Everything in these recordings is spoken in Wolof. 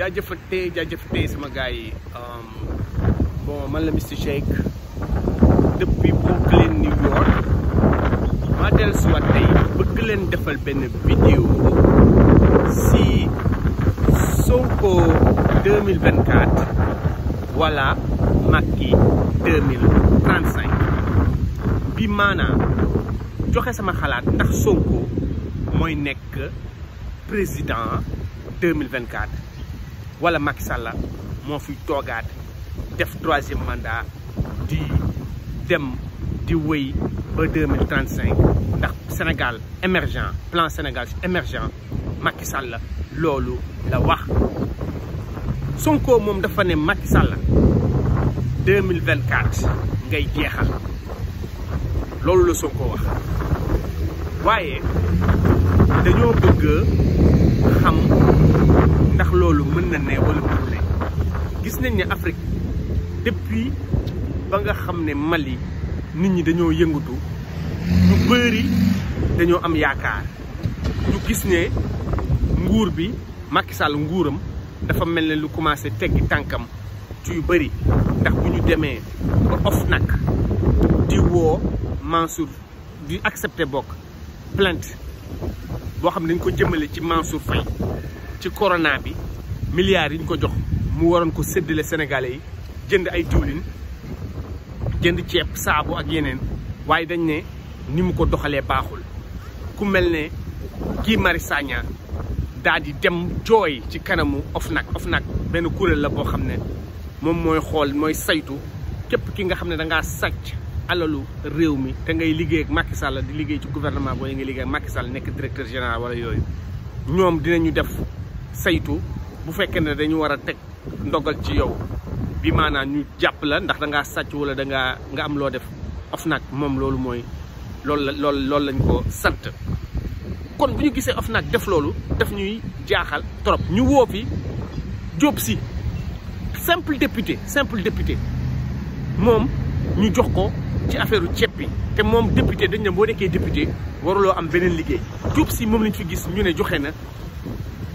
jaajëfal tey jaajëfal tey sama gars um bon man la Mister Shake depuis Brooklyn New York del suwa tay beug len defal ben video si Sonko 2024 wala Maki 2035 bi mana joxe sama xalaat ndax Sonko moy nek président 2024 wala Macky Sall moo fi toogaat def troisième mandat di dem di wéy ba deux mille ndax Sénégal émergent plan Sénégal émergent Macky Sall loolu la wax Sonko moom dafa ne Macky la deux mille vingt quatre ngay jeexal loolu la Sonko wax waaye dañoo bëgg xam. ndax loolu mën na ne wala mën na gis nañ ne Afrique depuis ba nga xam ne Mali nit ñi dañoo yëngatu ñu bëri dañoo am yaakaar ñu gis ne nguur bi Macky Sall nguuram dafa mel ne lu commencé teggi tànkam ci yu bëri ndax bu ñu demee ba OFNAC di woo Mansour di accepté bokk plainte boo xam ne dañ ko jëmale ci Mansour Faye ci corona bi milliards yi ñu ko jox mu waroon ko séddale sénégalais yi jënd ay diwlin jënd ceeb saabu ak yeneen waaye dañ ne ni mu ko doxalee baaxul ku mel ne kii Marius Sagna di dem jooy ci kanamu OFNAC OFNAC benn kuréel la boo xam ne moom mooy xool mooy saytu képp ki nga xam ne da ngaa sàcc alalu réew mi te ngay liggéey ak Macky Sall di liggéey ci gouvernement boo nga liggéey ak Macky Sall nekk directeur général wala yooyu ñoom dinañu def. saytu bu fekkee ne dañu war a teg ndogal ci yow bi maanaam ñu jàpp la ndax da ngaa sàcc wala danga nga am loo def OFNAC moom loolu mooy loolu la loolu loolu lañ ko sant kon bu ñu gisee OFNAC def loolu daf ñuy jaaxal trop ñu woo fi Diop simple député simple député moom ñu jox ko ci affaire ceeb bi te moom député dañ ne boo nekkee député waruloo am beneen liggéey Diop si moom lañ fi gis ñu ne joxe na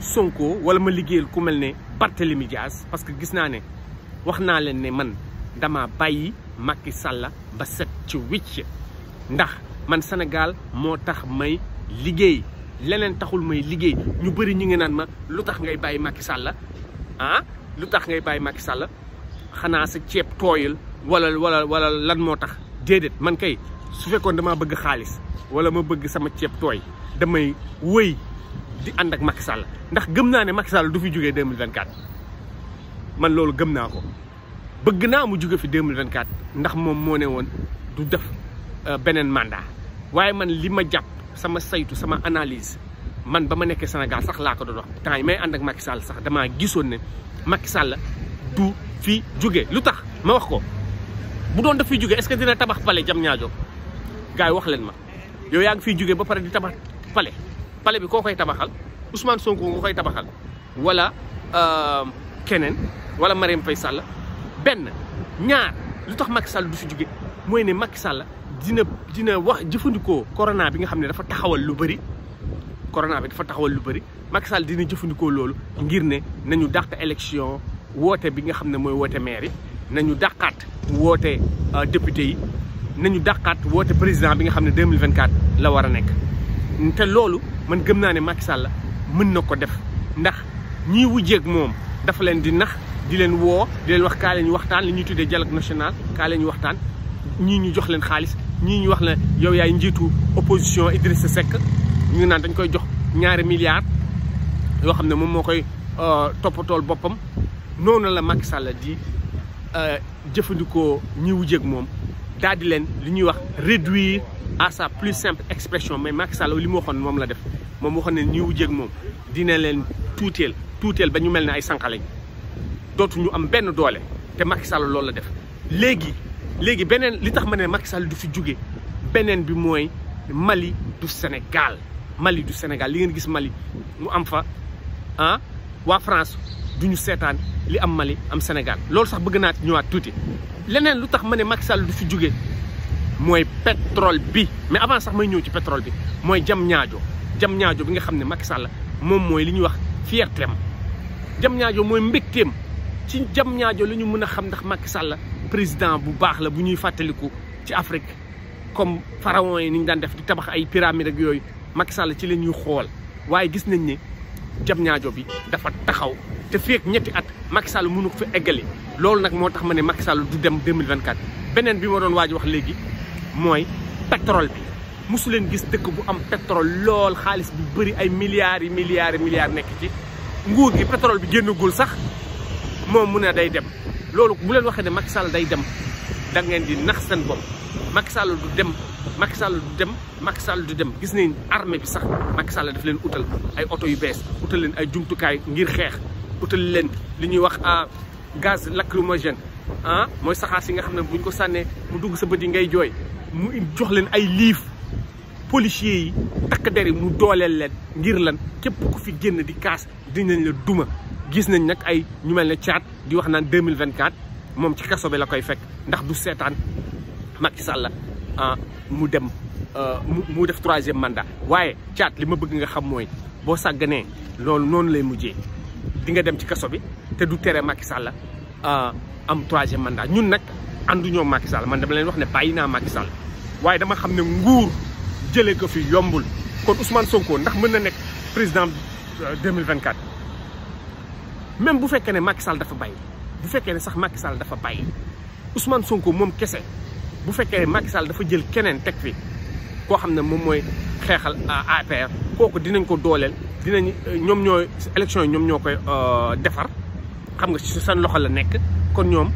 Sonko wala ma liggéeyal ku mel ne Barthélemy Dias parce que gis naa ne wax naa leen ne man dama bàyyi makki Sall ba set ci wicc ndax man Sénégal moo tax may liggéey leneen taxul may liggéey ñu bëri ñu ngi naan ma lu tax ngay bàyyi Macky Sall ah lu tax ngay bàyyi Macky Sall xanaa sa ceeb tooyul wala wala wala lan moo tax déedéet man kay su fekkoon dama bëgg xaalis wala ma bëgg sama ceeb tooy damay wëy di ànd ak Macky Sall ndax gëm naa ne Macky Sall du fi jugee 2024 man loolu gëm naa ko bëgg naa mu jóge fi 2024 ndax moom moo ne woon du def euh, beneen mandat waaye man li ma jàpp sama saytu sama analise man ba ma nekkee Sénégal sax laa ko doon wax temps yi may ànd ak Macky Sall sax damaa gisoon ne Macky Sall du fi jóge lu tax ma wax ko bu doon daf fi jugee est-ce que dina tabax pale jam ñaajo gars yi wax leen ma yow yaa ngi fiy jugee ba pare di tabax palais palais bi koo koy tabaxal Ousmane Sonko nga koy tabaxal wala euh, keneen wala Mariam Faye Sall benn ñaar lu tax Macky Sall du fi jóge mooy ne Macky Sall dina dina wax jëfandikoo corona bi nga xam ne dafa taxawal lu bëri corona bi dafa taxawal lu bëri Macky Sall dina jëfandikoo loolu ngir ne nañu dàq élection woote bi nga xam ne mooy woote maire yi nañu dàqaat woote euh, député yi nañu dàqaat woote président bi nga xam ne 2024 la war a nekk te loolu man gëm naa ne Macky la mën na ko def ndax ñii wujjeeg moom dafa leen di nax di leen woo di leen wax kaa leen waxtaan li ñuy tuddee dialogue national kaa leen ñu waxtaan ñii ñu jox leen xaalis ñii ñu wax la yow yaay njiitu opposition Idrissa Seck ñu ngi naan dañ koy jox ñaari milliard yoo xam ne moom moo koy euh, toppatool boppam noonu la Macky Sall di euh, jëfandikoo ñi wujjeeg moom daal leen li ñuy wax réduire à sa plus simple expression mais Macky Sall li mu waxoon mom la def mom waxoon ne ñi wu jéeg dina len tutel, tutel ba ñu melni ne ay sànqaleñ dootu ñu am benn doole té Macky Sall lool la def légui légui benen li tax mané Macky Sall du fi juggé benen bi moy Mali du Sénégal Mali du Sénégal li ngeen gis Mali mu am fa ah wa France duñu sétane li am Mali am Sénégal lool sax bëgg na ñëwaat touti leneen lu tax mané Macky Sall du fi juggé mooy pétrole bi mais avant sax may ñëw ci pétrole bi mooy jam ñaajo jam ñaajo bi nga xam ne Macky la moom mooy li ñuy wax fiertéem jam ñaajo mooy mbégteem ci jam ñaajo li ñu mën a xam ndax Macky Sall président bu baax la bu ñuy fàttaliku ci Afrique comme pharaon yi ni ñu daan def di tabax ay pyramide ak yooyu Macky la ci la ñuy xool waaye gis nañ ni jam ñaajo bi dafa taxaw te fii ak ñetti at Macky Sall mënu ko fa eggale loolu nag moo tax ma ne Macky Sall du dem 2024 beneen bi ma doon waaj wax léegi Moy, pétrole bi musu len gis dekk bu am pétrole lol, xaliss bu beuri ay milliards milliards milliards nek ci nguur gi pétrole bi gennugul sax mom mu ne day dem lolou bu len waxe ne Macky Sall day dem da ngeen di nax sen bop Macky Sall du dem Macky Sall du dem Macky Sall du dem gis nañ armée bi sax Macky Sall daf len outal ay auto yu bees outal len ay jumtukaay ngir xex outal len li ñuy wax ah, gaz lacrymogène ah moy saxaar si nga xamne buñ ko sànnee mu dugg sa beuti ngay joy mu jox leen ay liif policiers yi takk der yi mu dooleel leen ngir lan képp ku fi génn di kaas dinañ la duma gis nañ nag ay ñu mel ne caat di wax naan 2024 moom ci kaso bi la koy fekk ndax du seetaan Macky Sall ah mu dem ah, mu def troisième mandat waaye caat li ma bëgg nga xam mooy boo sàgganee loolu noonu lay mujjee di nga dem ci kaso bi te du tere Macky Sall ah, am troisième mandat ñun nag. anduñu Macky Sall man dama leen wax ne bayina Macky Sall waye dama xamne nguur jele ko fi yombul kon Ousmane Sonko ndax meun na nek président 2024 même bu fekkene Macky Sall dafa bàyyi bu fekkene sax Macky Sall dafa bàyyi Ousmane Sonko mom kesse bu fekkee Macky Sall dafa jël keneen tek fi ko xamne mom moy xexal APR koku dinañ ko dolel dinañ ñom ñoy élection ñom ñokoy euh defar xam nga ci sen loxo la nek kon ñom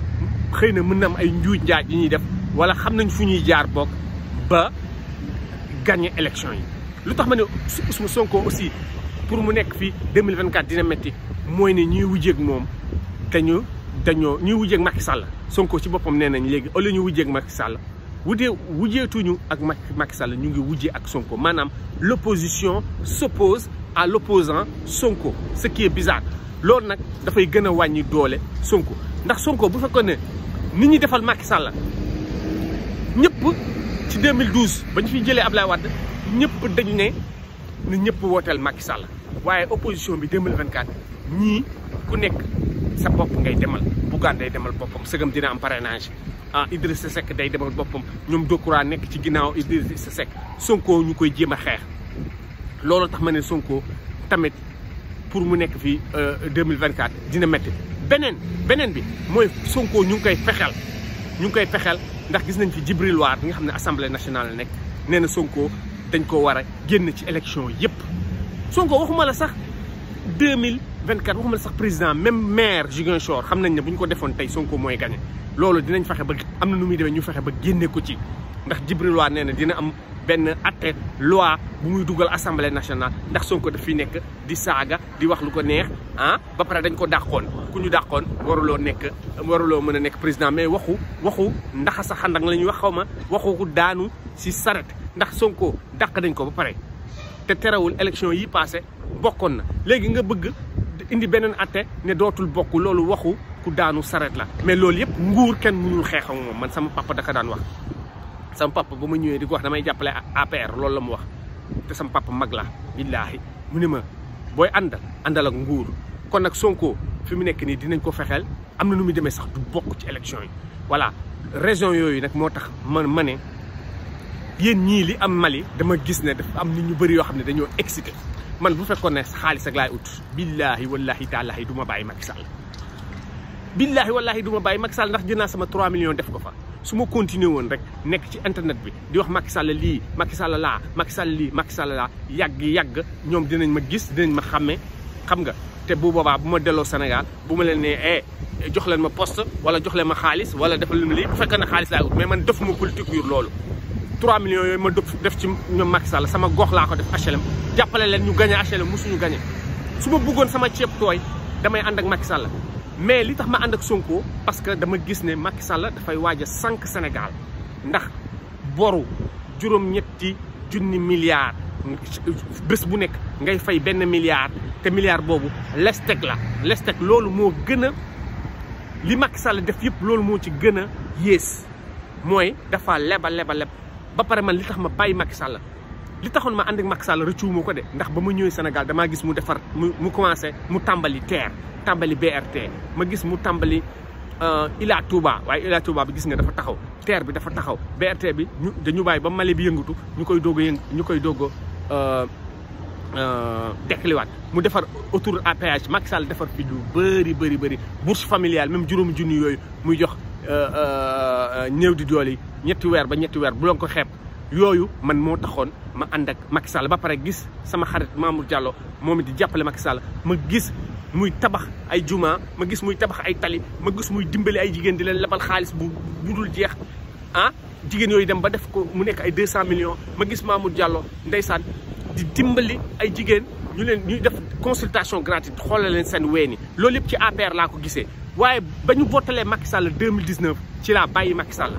xëy na mën na am ay njuuj njaaj yi ñuy def wala xam nañ fu ñuy jaar bokk ba gagné élection yi lu tax ma ne Ousmane Sonko aussi pour mu nekk fii 2024 dina métti mooy ne ñuy wujjeeg moom dañu dañoo ñuy wujjeeg Macky Sall Sonko ci boppam nee nañ léegi au lieu ñu wujjeeg Macky Sall wutee wujjeetuñu ak Macky Sall ñu ngi wujjee ak Sonko maanaam l' opposition s'oppose à l' opposant Sonko ce qui est bizarre loolu nag dafay gën a wàññi doole Sonko ndax Sonko bu fekkoon ne nit ñi defal Macky Sall ñëpp ci 2012 ba ñu fi jëlee Ablaye Wade ñëpp dañu ne ni ñëpp wooteel Macky Sall waaye opposition bi 2024 ñii ku nekk sa bopp ngay demal Bougane day demal boppam sëgam dina am parrainage ah Idrissa Seck day demal boppam ñoom Dokoura nekk ci ginnaaw sa Seck Sonko ñu koy jéem a xeex loolu tax ma ne Sonko tamit pour mu nekk fii 2024 euh, dina métti. beneen beneen bi mooy Sonko ñu ngi koy fexeel ñu ngi koy fexeel ndax gis nañ fi Djibril War bi nga xam ne assemblée nationale la nekk nee na Sonko dañ ko war a génn ci élection yépp Sonko waxuma la sax. 2024 waxuma sax président même maire Ziguinchor xam nañ ne buñ ko defoon tey Sonko mooy gagné loolu dinañ fexe ba am na nu muy demee ñu fexe ba génne ko ci ndax Djibril Wade nee na dina am benn atte loi bu muy dugal assemblée nationale ndax Sonko daf fi nekk di saaga di wax lu ko neex ah ba pare dañ ko dàqoon ku ñu dàqoon waruloo nekk waruloo mën a nekk président mais waxu waxu ndax sa xandak la ñuy wax xaw waxu ko daanu si saret ndax Sonko dàq nañ ko ba pare te terewul élection yi passé bokkoon na léegi nga bëgg indi beneen atte ne dootul bokk loolu waxu ku daanu saret la mais loolu yëpp nguur kenn mënul xeexam moom man sama papa daka daan wax sama papa ba ma ñëwee di ko wax damay jàppale APR loolu la mu wax te sama papa mag la billaahi mu ne ma booy ànd àndal ak nguur kon nag Sonko fi mu nekk nii dinañ ko fexeel am na nu muy demee sax du bokk ci élection yi voilà région yooyu nag moo tax ma ma ne yéen ñii li am Mali dama gis ne am nit ñu bëri yoo xam ne dañoo excité man bu fekkoon ne xaalis ak laay ut billahi wallahi taalahi du ma bàyyi Macky Sall billahi wallahi du ma bàyyi Macky Sall ndax jël naa sama trois millions def ko fa su ma continuer woon rek nekk ci internet bi di wax Macky Sall lii Macky Sall laa Macky Sall lii Macky Sall laa yàgg yàgg ñoom dinañ ma gis dinañ ma xàmme xam nga te bu boobaa bu ma delloo Sénégal bu ma leen nee eh, jox leen ma post wala jox leen ma xaalis wala defal leen ma lii bu fekkee ne xaalis laay ut mais man defuma politique yur loolu. 3 millions yoy ma def ci ñom Macky Sall sama gox la ko def HLM jàppale len ñu gagné HLM musuñu gagné su ma bëggoon sama ceeb toy damay and ak Macky Sall mais li tax ma and ak Sonko parce que dama gis ne Macky Sall da fay waja sank Sénégal ndax boru juróom-ñetti junni milliard bés bu nek ngay fay ben milliard te milliard bobu lestek la lestek loolu mo gëna li Macky Sall def yépp loolu mo ci gëna yes moy dafa lebal lebal leb ba pare man li tax ma bàyyi Macky Sall li taxone ma ànd ak Macky Sall rëccuwuma ko de ndax bama ñëw Sénégal dama gis mu défar mu commencé mu tambali TER tambali BRT ma gis mu euh Ila Touba waaye Ila Touba bi gis nga dafa taxaw TER bi dafa taxaw BRT bi ñu dañu biang ba Mali bi yëngutu ñukoy dogo yëng ñukoy dogo euh euh doog a mu défar autour à péage Macky Sall défar fi du bëri bëri bëri bourse familiale même juroom yoy muy jox. Euh, euh, néew di doole yi ñetti weer ba ñetti weer bu leen ko xeeb yooyu man moo taxoon ma ànd ak Macky Sall ba pare gis sama xarit Mamour Diallo moom di jàppale Macky Sall ma gis muy tabax ay juma ma gis muy tabax ay tali ma gis muy dimbali ay jigéen di leen lebal xaalis bu dul jeex ah jigéen yooyu dem ba def ko mu nekk ay 200 millions ma gis Mamour Diallo ndeysaan di dimbali ay jigéen ñu leen ñuy def consultation gratuite xoolal leen seen weeni loolu yëpp ci APR laa ko gisee. waaye ba ñu votalee Macky Sall 2019 ci la bàyyi Macky Sall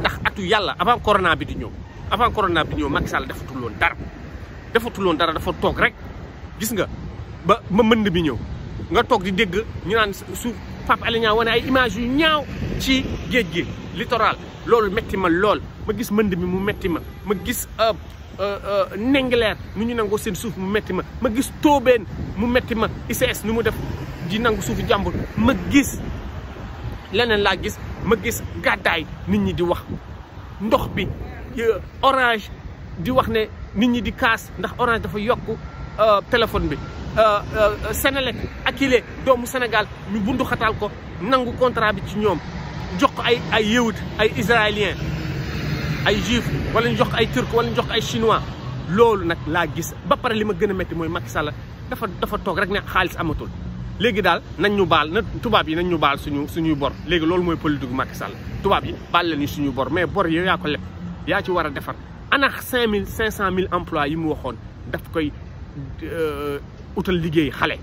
ndax atu yàlla avant corona bi di ñëw avant corona bi di ñëw Macky Sall defatul woon dara dara dafa toog rek gis nga ba ma mënd bi ñëw nga toog di dégg ñu naan su Pape Alé Niang wane ay image yu ñaaw ci géej gi littoral loolu metti ma lool ma gis mënd bi mu metti ma ma gis euh, Ndingler nu ñu nangoo seen suuf mu metti ma ma gis Tobène mu metti ma ICS nu mu def di nangu suufu jàmbur ma gis leneen laa gis ma gis gàddaay nit ñi di wax ndox bi orange di wax ne nit ñi di kaas ndax orange dafa yokk euh, téléphone bi euh, euh, Senelec Akile doomu Sénégal ñu bundu xataal ko nangu contrat bi ci ñoom jox ko ay ay yëwut ay israélien ay juif wala ñu jox ay turc wala ñu jox ay chinois loolu nag laa gis ba pare li ma gën a métti mooy Macky la dafa dafa toog rek ne xaalis amatul léegi daal nañ ñu baal na tubaab yi nañ ñu baal suñu suñuy bor léegi loolu mooy politique Macky Sall tubaab yi baal la ñu suñuy bor mais bor yow yaa ko leb yaa ci war a defar ana cinq mille cinq cent mille emplois yi mu waxoon daf koy euh, utal liggéey xale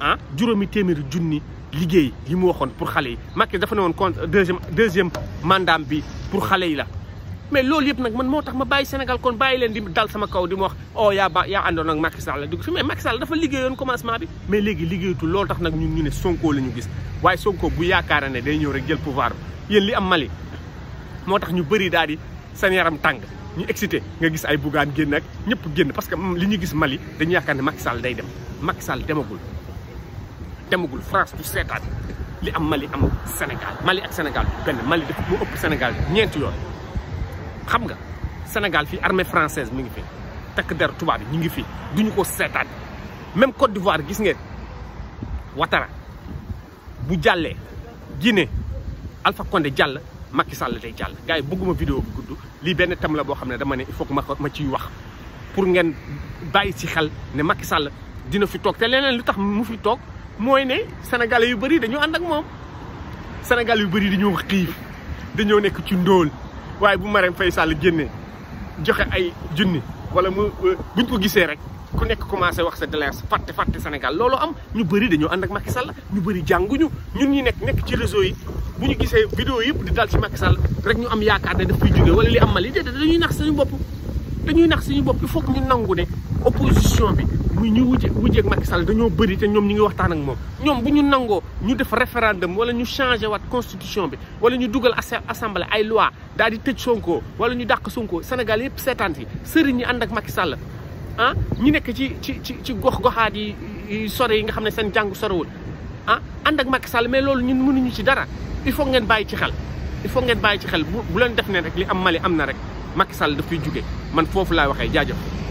ah juróomi téeméeri junni liggéey yi mu waxoon pour xale yi Macky dafa ne woon compte deuxième deuxième mandat bi pour xale yi la mais loolu yep nak man motax ma baye senegal kon baye len di dal sama kaw di ma wax oh ya ba yaa àndoon ak Macky Sall dug fi mais Macky Sall dafa liggéeyoon commencement bi mais legui liggéeyatul loolu tax nak ñun ñu ne Sonko lañu gis way Sonko bu yaakaara ne day ñew rek jël pouvoir yeen li am Mali motax ñu bëri daal di sen yaram tang ñu excité nga gis ay bugaan genn ak ñepp genn parce que li ñu gis Mali dañu yaakaar ne Macky Sall day dem Macky Sall demagul demagul France du setan li am Mali am senegal Mali ak senegal ben Mali dafa mu upp senegal ñent yoon xam nga Sénégal fii armée française mi ngi fi takk der tubaab yi ñu ngi fi duñu ko seetaat même Côte d'Ivoire gis ngeen Ouattara bu jàllee Guinée Alpha Condé jàll Macky Sall day jàll gars yi bëgguma vidéo bi gudd lii benn tam la boo xam ne dama ne il faut ma ma ciy wax pour ngeen bàyyi ci xel ne Macky Sall dina fi toog te leneen lu tax mu fi toog mooy ne sénégalais yu bari dañoo ànd ak moom sénégalais yu bëri dañoo xiif dañoo nekk ci ndóol waaye bu Marème Faye Sall génnee joxe ay junni wala mu euh, ñu ko gisee rek ku nekk commencé wax sa délaance fàtte fàtte Sénégal loolu am ñu bëri dañoo ànd ak Macky Sall ñu bëri jànguñu ñun ñu nekk nekk ci réseau yi bu ñu gisee vidéo yëpp di dal ci Macky Sall rek ñu am yaakaar ne def koy jógee wala li am Mali déedéet dañuy nax suñu bopp dañuy nax suñu bopp il faut que ñu nangu ne opposition bi bu ñu wujj wujjeeg Macky Sall dañoo bëri te ñoom ñu ngi waxtaan ak moom ñoom bu ñu nangoo ñu def référendum wala ñu changé wat constitution bi wala ñu dugal assemblée ay loi daal di tëj Sonko wala ñu dàq Sonko Sénégal yëpp seetaan si sëriñ ñi ànd ak Macky Sall ah ñi nekk ci ci ci ci gox goxaat yi sore yi nga xam ne seen jàng sorewul ah ànd ak Macky Sall mais loolu ñun mënuñu ci dara il faut ngeen bàyyi ci xel il faut ngeen bàyyi ci xel bu bu leen def ne rek li am Mali am na rek Macky Sall daf fiy man foofu laay waxee jaajëf